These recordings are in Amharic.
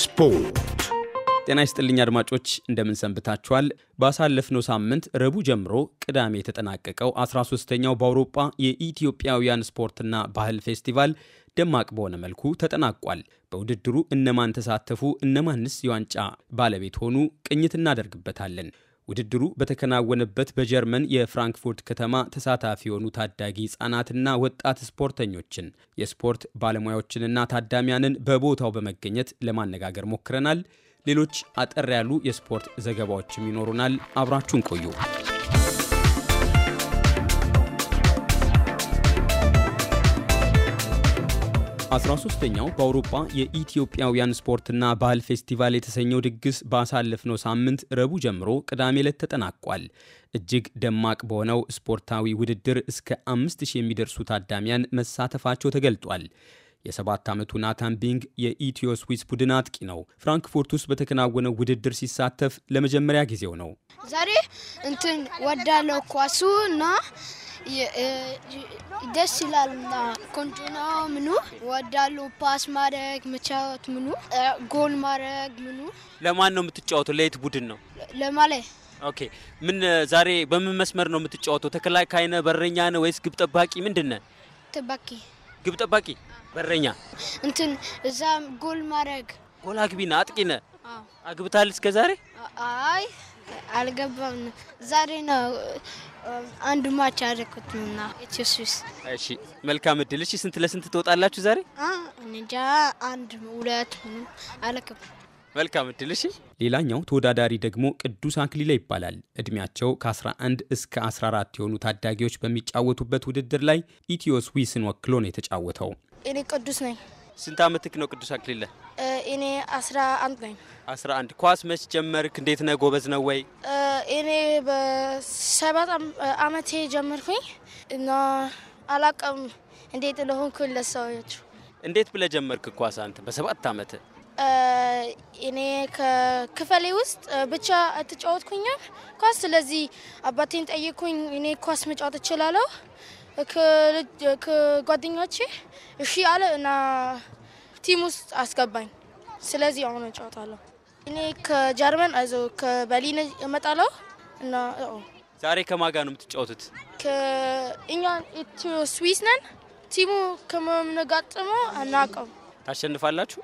ስፖርት ጤና ይስጥልኝ አድማጮች፣ ሰንብታችኋል? ባሳለፍነው ሳምንት ረቡዕ ጀምሮ ቅዳሜ የተጠናቀቀው 13ኛው በአውሮፓ የኢትዮጵያውያን ስፖርትና ባህል ፌስቲቫል ደማቅ በሆነ መልኩ ተጠናቋል። በውድድሩ እነማን ተሳተፉ፣ እነማንስ የዋንጫ ባለቤት ሆኑ? ቅኝት እናደርግበታለን። ውድድሩ በተከናወነበት በጀርመን የፍራንክፉርት ከተማ ተሳታፊ የሆኑ ታዳጊ ህጻናትና ወጣት ስፖርተኞችን፣ የስፖርት ባለሙያዎችንና ታዳሚያንን በቦታው በመገኘት ለማነጋገር ሞክረናል። ሌሎች አጠር ያሉ የስፖርት ዘገባዎችም ይኖሩናል። አብራችሁን ቆዩ። 13ኛው በአውሮፓ የኢትዮጵያውያን ስፖርትና ባህል ፌስቲቫል የተሰኘው ድግስ ባሳለፍነው ሳምንት ረቡ ጀምሮ ቅዳሜ ዕለት ተጠናቋል። እጅግ ደማቅ በሆነው ስፖርታዊ ውድድር እስከ 5000 የሚደርሱ ታዳሚያን መሳተፋቸው ተገልጧል። የሰባት ዓመቱ ናታን ቢንግ የኢትዮ ስዊስ ቡድን አጥቂ ነው። ፍራንክፉርት ውስጥ በተከናወነው ውድድር ሲሳተፍ ለመጀመሪያ ጊዜው ነው። ዛሬ እንትን ወዳለው ኳሱ እና ደስ ይላል እና ቆንጆ ነው። ምኑ ወዳሉ ፓስ ማድረግ መቻወት፣ ምኑ ጎል ማድረግ ምኑ። ለማን ነው የምትጫወተው? ለየት ቡድን ነው ለማለ ኦኬ። ምን ዛሬ በምን መስመር ነው የምትጫወተው? ተከላካይ ነህ በረኛ ነህ ወይስ ግብ ጠባቂ? ምንድን ነህ? ጠባቂ ግብ ጠባቂ በረኛ እንትን እዛ ጎል ማድረግ ጎል አግቢ ነህ አጥቂ ነህ አግብታል እስከ ዛሬ አይ አልገባም። ዛሬ ነው አንድ ማች አደረኩት እና ኢትዮ እሺ መልካም እድል። እሺ ስንት ለስንት ትወጣላችሁ ዛሬ? እንጃ አንድ ሁለት አለክም። መልካም እድል። እሺ ሌላኛው ተወዳዳሪ ደግሞ ቅዱስ አክሊላ ይባላል። እድሜያቸው ከ11 እስከ 14 የሆኑ ታዳጊዎች በሚጫወቱበት ውድድር ላይ ኢትዮ ስዊስን ወክሎ ነው የተጫወተው። እኔ ቅዱስ ነኝ። ስንት አመትክ ነው ቅዱስ አክሊላ? እኔ 11 ነኝ። 11 ኳስ መች ጀመርክ? እንዴት ነህ? ጎበዝ ነው ወይ? እኔ በሰባት አመቴ ጀመርኩኝ እና አላቀም እንዴት እንደሆንኩ ለሰዎች። እንዴት ብለህ ጀመርክ ኳስ አንተ በሰባት አመት? እኔ ከክፈሌ ውስጥ ብቻ አትጫወትኩኛ ኳስ። ስለዚህ አባቴን ጠየቅኩኝ፣ እኔ ኳስ መጫወት እችላለሁ ከጓደኞቼ እሺ አለ እና ቲም ውስጥ አስገባኝ። ስለዚህ አሁን እጫወታለሁ። እኔ ከጀርመን አይዞ ከበርሊን እመጣለሁ እና ዛሬ ከማጋ ነው የምትጫወቱት? ከእኛ ኢትዮ ስዊስ ነን። ቲሙ ከምንጋጥመው አናውቅም። ታሸንፋላችሁ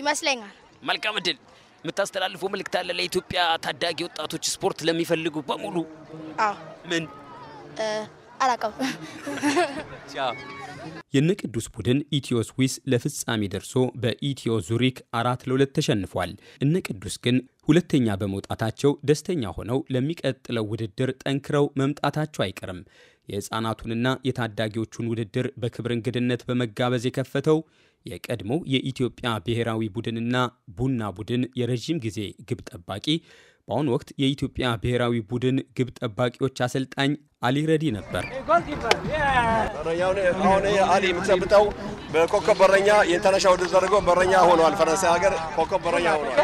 ይመስለኛል። መልካም እድል። የምታስተላልፈው መልእክት አለ ለኢትዮጵያ ታዳጊ ወጣቶች ስፖርት ለሚፈልጉ በሙሉ? ምን አላቀም። የነ ቅዱስ ቡድን ኢትዮ ስዊስ ለፍጻሜ ደርሶ በኢትዮ ዙሪክ አራት ለሁለት ተሸንፏል። እነ ቅዱስ ግን ሁለተኛ በመውጣታቸው ደስተኛ ሆነው ለሚቀጥለው ውድድር ጠንክረው መምጣታቸው አይቀርም። የሕፃናቱንና የታዳጊዎቹን ውድድር በክብር እንግድነት በመጋበዝ የከፈተው የቀድሞው የኢትዮጵያ ብሔራዊ ቡድንና ቡና ቡድን የረዥም ጊዜ ግብ ጠባቂ በአሁኑ ወቅት የኢትዮጵያ ብሔራዊ ቡድን ግብ ጠባቂዎች አሰልጣኝ አሊ ረዲ ነበር። አሁን አሊ የምትሰብተው በኮከብ በረኛ የኢንተርናሽናል ውድድር አድርገው በረኛ ሆኗል። ፈረንሳይ ሀገር ኮከብ በረኛ ሆኗል።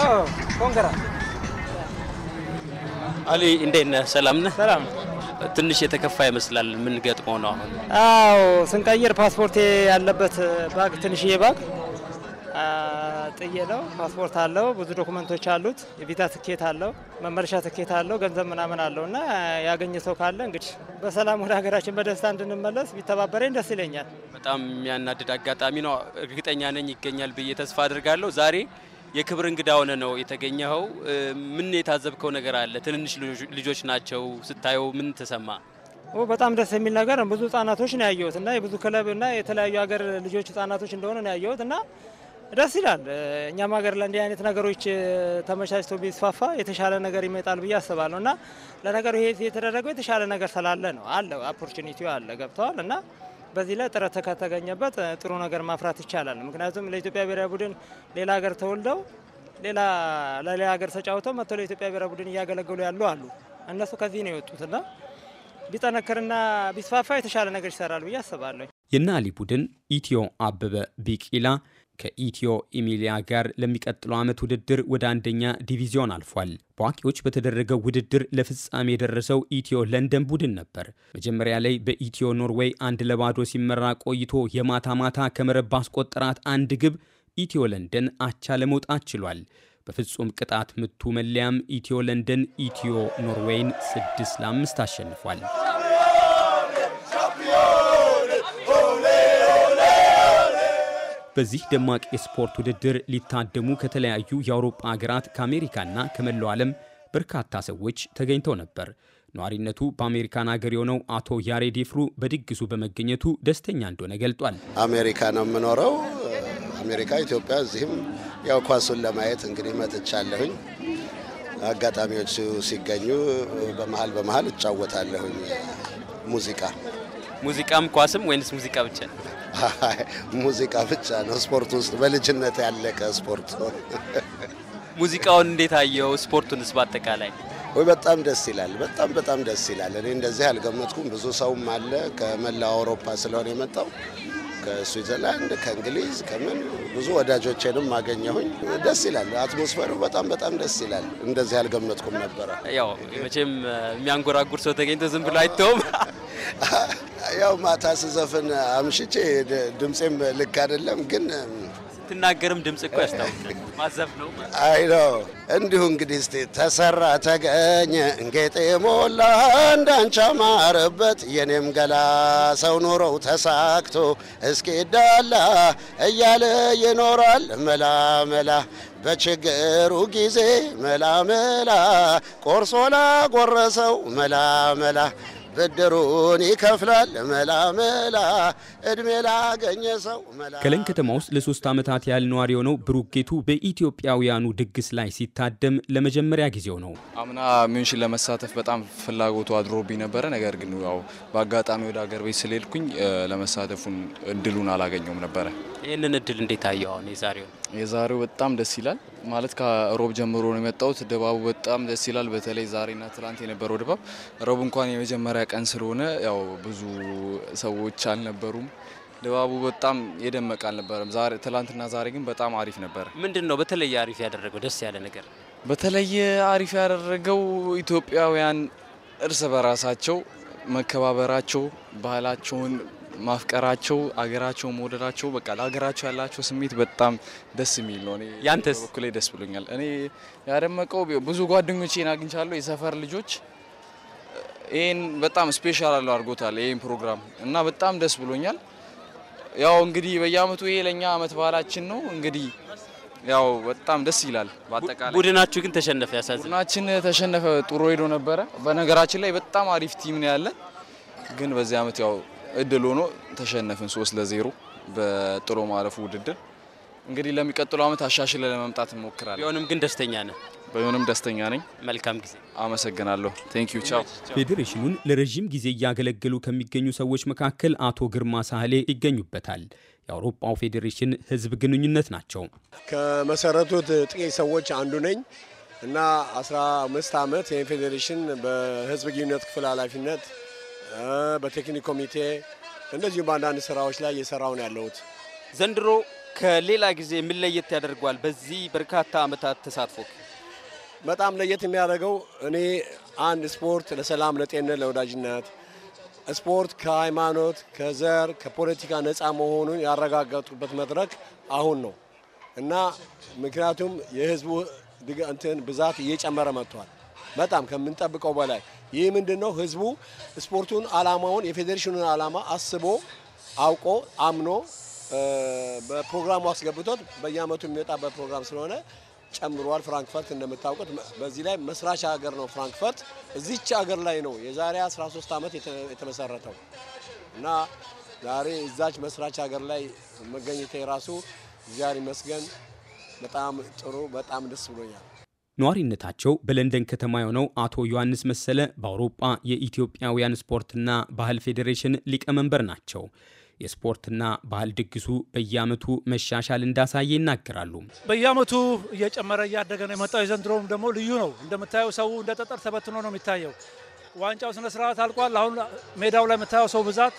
oh, አሊ እንዴት ነህ? ሰላም ነህ? ሰላም ትንሽ የተከፋ ይመስላል። ምን ገጥሞ ነው አሁን? አዎ ስንቀይር ፓስፖርቴ ያለበት ባግ ትንሽዬ ባግ ጥዬ ነው። ፓስፖርት አለው፣ ብዙ ዶኩመንቶች አሉት፣ የቪዛ ትኬት አለው፣ መመለሻ ትኬት አለው፣ ገንዘብ ምናምን አለው እና ያገኘ ሰው ካለ እንግዲህ በሰላም ወደ ሀገራችን በደስታ እንድንመለስ ቢተባበረኝ ደስ ይለኛል። በጣም የሚያናድድ አጋጣሚ ነው። እርግጠኛ ነኝ ይገኛል ብዬ ተስፋ አድርጋለሁ። ዛሬ የክብር እንግዳ ሆነ ነው የተገኘኸው። ምን የታዘብከው ነገር አለ? ትንንሽ ልጆች ናቸው። ስታየው ምን ተሰማ? በጣም ደስ የሚል ነገር ብዙ ህጻናቶች ነው ያየሁት እና የብዙ ክለብ እና የተለያዩ ሀገር ልጆች ህጻናቶች እንደሆነ ነው ያየሁት እና ደስ ይላል። እኛም ሀገር ለእንዲህ አይነት ነገሮች ተመቻችቶ ቢስፋፋ የተሻለ ነገር ይመጣል ብዬ አስባለሁ እና ለነገሩ ይሄ የተደረገው የተሻለ ነገር ስላለ ነው። አለ ኦፖርቹኒቲው አለ ገብተዋል እና በዚህ ላይ ጥረት ከተገኘበት ጥሩ ነገር ማፍራት ይቻላል። ምክንያቱም ለኢትዮጵያ ብሔራዊ ቡድን ሌላ ሀገር ተወልደው ሌላ ለሌላ ሀገር ተጫውተው መጥተው ለኢትዮጵያ ብሔራዊ ቡድን እያገለገሉ ያሉ አሉ። እነሱ ከዚህ ነው የወጡትና ቢጠነክርና ቢስፋፋ የተሻለ ነገር ይሰራል ብዬ አስባለሁ። የእነ አሊ ቡድን ኢትዮ አበበ ቢቂላ ከኢትዮ ኢሚሊያ ጋር ለሚቀጥለው ዓመት ውድድር ወደ አንደኛ ዲቪዚዮን አልፏል። በዋቂዎች በተደረገው ውድድር ለፍጻሜ የደረሰው ኢትዮ ለንደን ቡድን ነበር። መጀመሪያ ላይ በኢትዮ ኖርዌይ አንድ ለባዶ ሲመራ ቆይቶ የማታ ማታ ከመረብ ባስቆጠራት አንድ ግብ ኢትዮ ለንደን አቻ ለመውጣት ችሏል። በፍጹም ቅጣት ምቱ መለያም ኢትዮ ለንደን ኢትዮ ኖርዌይን 6 ለ5 አሸንፏል። በዚህ ደማቅ የስፖርት ውድድር ሊታደሙ ከተለያዩ የአውሮፓ ሀገራት ከአሜሪካና ከመላው ዓለም በርካታ ሰዎች ተገኝተው ነበር። ነዋሪነቱ በአሜሪካን ሀገር የሆነው አቶ ያሬድ ይፍሩ በድግሱ በመገኘቱ ደስተኛ እንደሆነ ገልጧል። አሜሪካ ነው የምኖረው። አሜሪካ፣ ኢትዮጵያ። እዚህም ያው ኳሱን ለማየት እንግዲህ መጥቻለሁኝ። አጋጣሚዎቹ ሲገኙ በመሀል በመሀል እጫወታለሁኝ ሙዚቃ ሙዚቃም ኳስም ወይንስ ሙዚቃ ብቻ ሙዚቃ ብቻ ነው ስፖርት ውስጥ በልጅነት ያለቀ ስፖርት። ሙዚቃውን እንዴት አየው? ስፖርቱንስ በአጠቃላይ ወይ በጣም ደስ ይላል። በጣም በጣም ደስ ይላል። እኔ እንደዚህ አልገመትኩም። ብዙ ሰውም አለ ከመላው አውሮፓ ስለሆነ የመጣው ከስዊዘርላንድ፣ ከእንግሊዝ፣ ከምን ብዙ ወዳጆቼንም አገኘሁኝ። ደስ ይላል። አትሞስፌሩ በጣም በጣም ደስ ይላል። እንደዚህ አልገመትኩም ነበረ። ያው መቼም የሚያንጎራጉር ሰው ተገኝቶ ዝም ብሎ አይተውም። ያው ማታ ስዘፍን አምሽቼ ድምፄም ልክ አይደለም ግን ትናገርም ድምፅ እኮ ያስታውቃል። ማዘፍ ነው አይ ነው። እንዲሁ እንግዲህ እስቲ ተሰራ ተገኘ እንጌጤ ሞላ እንዳንቻ ማረበት የኔም ገላ ሰው ኖረው ተሳክቶ እስኪ ዳላ እያለ ይኖራል መላመላ በችግሩ ጊዜ መላመላ ቆርሶላ ጎረሰው መላመላ ብድሩን ይከፍላል መላመላ እድሜ ላገኘ ሰው። ከለን ከተማ ውስጥ ለሶስት ዓመታት ያህል ነዋሪ የሆነው ብሩክ ጌቱ በኢትዮጵያውያኑ ድግስ ላይ ሲታደም ለመጀመሪያ ጊዜው ነው። አምና ሚንሽን ለመሳተፍ በጣም ፍላጎቱ አድሮብኝ ነበረ። ነገር ግን ያው በአጋጣሚ ወደ ሀገር ቤት ስለሄድኩኝ ለመሳተፉን እድሉን አላገኘውም ነበረ። ይህንን እድል እንዴት አየው? አሁን የዛሬው የዛሬው በጣም ደስ ይላል። ማለት ከሮብ ጀምሮ ነው የመጣሁት። ድባቡ በጣም ደስ ይላል። በተለይ ዛሬና ትላንት የነበረው ድባብ ሮብ እንኳን የመጀመሪያ ቀን ስለሆነ ያው ብዙ ሰዎች አልነበሩም። ድባቡ በጣም የደመቀ አልነበረም። ዛሬ ትላንትና ዛሬ ግን በጣም አሪፍ ነበር። ምንድን ነው በተለየ አሪፍ ያደረገው? ደስ ያለ ነገር በተለየ አሪፍ ያደረገው ኢትዮጵያውያን እርስ በራሳቸው መከባበራቸው፣ ባህላቸውን ማፍቀራቸው፣ አገራቸው መውደዳቸው በቃ ለሀገራቸው ያላቸው ስሜት በጣም ደስ የሚል ነው። ያንተስ? በኩሌ ደስ ብሎኛል። እኔ ያደመቀው ብዙ ጓደኞቼን አግኝቻለሁ የሰፈር ልጆች ይህን በጣም ስፔሻል አለው አድርጎታል ይህን ፕሮግራም እና በጣም ደስ ብሎኛል። ያው እንግዲህ በየአመቱ ይሄ ለእኛ አመት ባህላችን ነው። እንግዲህ ያው በጣም ደስ ይላል። በአጠቃላይ ቡድናችሁ ግን ተሸነፈ። ያሳዝ ቡድናችን ተሸነፈ። ጥሩ ሄዶ ነበረ። በነገራችን ላይ በጣም አሪፍ ቲም ነው ያለን፣ ግን በዚህ አመት ያው እድል ሆኖ ተሸነፍን ሶስት ለዜሮ በጥሎ ማለፉ ውድድር። እንግዲህ ለሚቀጥለው አመት አሻሽለ ለመምጣት እንሞክራለን። ቢሆንም ግን ደስተኛ ነን። በሆነም ደስተኛ ነኝ። መልካም ጊዜ። አመሰግናለሁ። ቴንክ ዩ ቻው። ፌዴሬሽኑን ለረዥም ጊዜ እያገለገሉ ከሚገኙ ሰዎች መካከል አቶ ግርማ ሳህሌ ይገኙበታል። የአውሮፓው ፌዴሬሽን ህዝብ ግንኙነት ናቸው። ከመሰረቱት ጥቂት ሰዎች አንዱ ነኝ እና 15 ዓመት ይህን ፌዴሬሽን በህዝብ ግንኙነት ክፍል ኃላፊነት በቴክኒክ ኮሚቴ እንደዚሁም በአንዳንድ ስራዎች ላይ እየሰራው ነው ያለሁት። ዘንድሮ ከሌላ ጊዜ ምን ለየት ያደርገዋል? በዚህ በርካታ ዓመታት ተሳትፎ በጣም ለየት የሚያደርገው እኔ አንድ ስፖርት ለሰላም፣ ለጤንነት፣ ለወዳጅነት ስፖርት ከሃይማኖት፣ ከዘር፣ ከፖለቲካ ነፃ መሆኑን ያረጋገጡበት መድረክ አሁን ነው እና ምክንያቱም የህዝቡ እንትን ብዛት እየጨመረ መጥቷል። በጣም ከምንጠብቀው በላይ ይህ ምንድን ነው? ህዝቡ ስፖርቱን አላማውን የፌዴሬሽኑን አላማ አስቦ አውቆ አምኖ በፕሮግራሙ አስገብቶት በየአመቱ የሚወጣበት ፕሮግራም ስለሆነ ጨምሯል። ፍራንክፈርት እንደምታውቁት በዚህ ላይ መስራች ሀገር ነው። ፍራንክፈርት እዚች ሀገር ላይ ነው የዛሬ 13 ዓመት የተመሰረተው እና ዛሬ እዛች መስራች ሀገር ላይ መገኘት የራሱ እግዚአብሔር ይመስገን በጣም ጥሩ፣ በጣም ደስ ብሎኛል። ነዋሪነታቸው በለንደን ከተማ የሆነው አቶ ዮሐንስ መሰለ በአውሮፓ የኢትዮጵያውያን ስፖርትና ባህል ፌዴሬሽን ሊቀመንበር ናቸው። የስፖርትና ባህል ድግሱ በየዓመቱ መሻሻል እንዳሳየ ይናገራሉ። በየዓመቱ እየጨመረ እያደገ ነው የመጣው። የዘንድሮም ደግሞ ልዩ ነው። እንደምታየው ሰው እንደ ጠጠር ተበትኖ ነው የሚታየው። ዋንጫው ስነ ስርዓት አልቋል። አሁን ሜዳው ላይ የምታየው ሰው ብዛት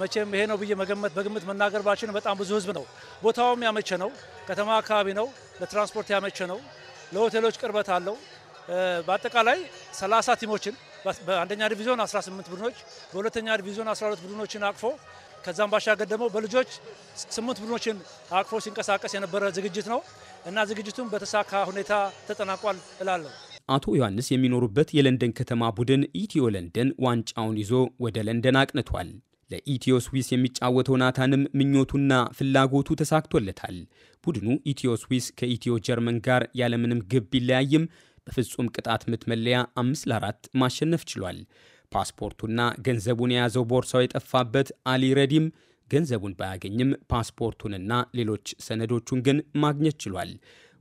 መቼም ይሄ ነው ብዬ መገመት በግምት መናገር ባችን፣ በጣም ብዙ ህዝብ ነው። ቦታውም ያመቸ ነው። ከተማ አካባቢ ነው። ለትራንስፖርት ያመቸ ነው። ለሆቴሎች ቅርበት አለው። በአጠቃላይ 30 ቲሞችን በአንደኛ ዲቪዚዮን 18 ቡድኖች በሁለተኛ ዲቪዚዮን 12 ቡድኖችን አቅፎ ከዛም ባሻገር ደግሞ በልጆች ስምንት ቡድኖችን አቅፎ ሲንቀሳቀስ የነበረ ዝግጅት ነው እና ዝግጅቱም በተሳካ ሁኔታ ተጠናቋል እላለሁ። አቶ ዮሐንስ የሚኖሩበት የለንደን ከተማ ቡድን ኢትዮ ለንደን ዋንጫውን ይዞ ወደ ለንደን አቅንቷል። ለኢትዮ ስዊስ የሚጫወተው ናታንም ምኞቱና ፍላጎቱ ተሳክቶለታል። ቡድኑ ኢትዮ ስዊስ ከኢትዮ ጀርመን ጋር ያለምንም ግብ ቢለያይም በፍጹም ቅጣት ምት መለያ አምስት ለአራት ማሸነፍ ችሏል። ፓስፖርቱና ገንዘቡን የያዘው ቦርሳው የጠፋበት አሊ ረዲም ገንዘቡን ባያገኝም ፓስፖርቱንና ሌሎች ሰነዶቹን ግን ማግኘት ችሏል።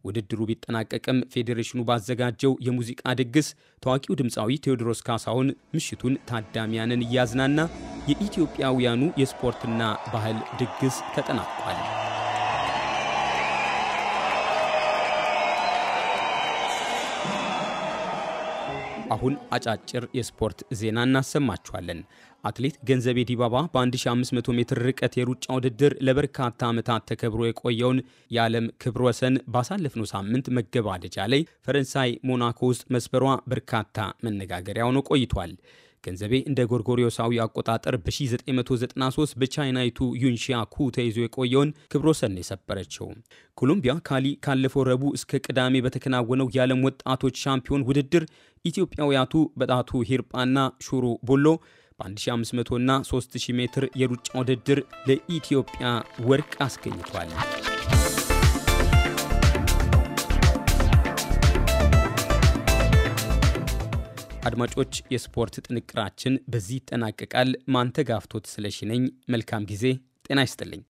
ውድድሩ ቢጠናቀቅም ፌዴሬሽኑ ባዘጋጀው የሙዚቃ ድግስ ታዋቂው ድምፃዊ ቴዎድሮስ ካሳሁን ምሽቱን ታዳሚያንን እያዝናና የኢትዮጵያውያኑ የስፖርትና ባህል ድግስ ተጠናቋል። አሁን አጫጭር የስፖርት ዜና እናሰማችኋለን። አትሌት ገንዘቤ ዲባባ በ1500 ሜትር ርቀት የሩጫ ውድድር ለበርካታ ዓመታት ተከብሮ የቆየውን የዓለም ክብረ ወሰን ባሳለፍነው ሳምንት መገባደጃ ላይ ፈረንሳይ ሞናኮ ውስጥ መስበሯ በርካታ መነጋገሪያ ሆኖ ቆይቷል። ገንዘቤ እንደ ጎርጎሪዮሳዊ አቆጣጠር በ1993 በቻይናይቱ ዩንሺያ ኩ ተይዞ የቆየውን ክብረ ወሰን የሰበረችው ኮሎምቢያ ካሊ ካለፈው ረቡዕ እስከ ቅዳሜ በተከናወነው የዓለም ወጣቶች ሻምፒዮን ውድድር ኢትዮጵያውያቱ በጣቱ ሂርጳና ሹሩ ቦሎ በ1500ና 3000 ሜትር የሩጫ ውድድር ለኢትዮጵያ ወርቅ አስገኝቷል። አድማጮች፣ የስፖርት ጥንቅራችን በዚህ ይጠናቀቃል። ማንተጋፍቶት ስለሺ ነኝ። መልካም ጊዜ። ጤና ይስጥልኝ።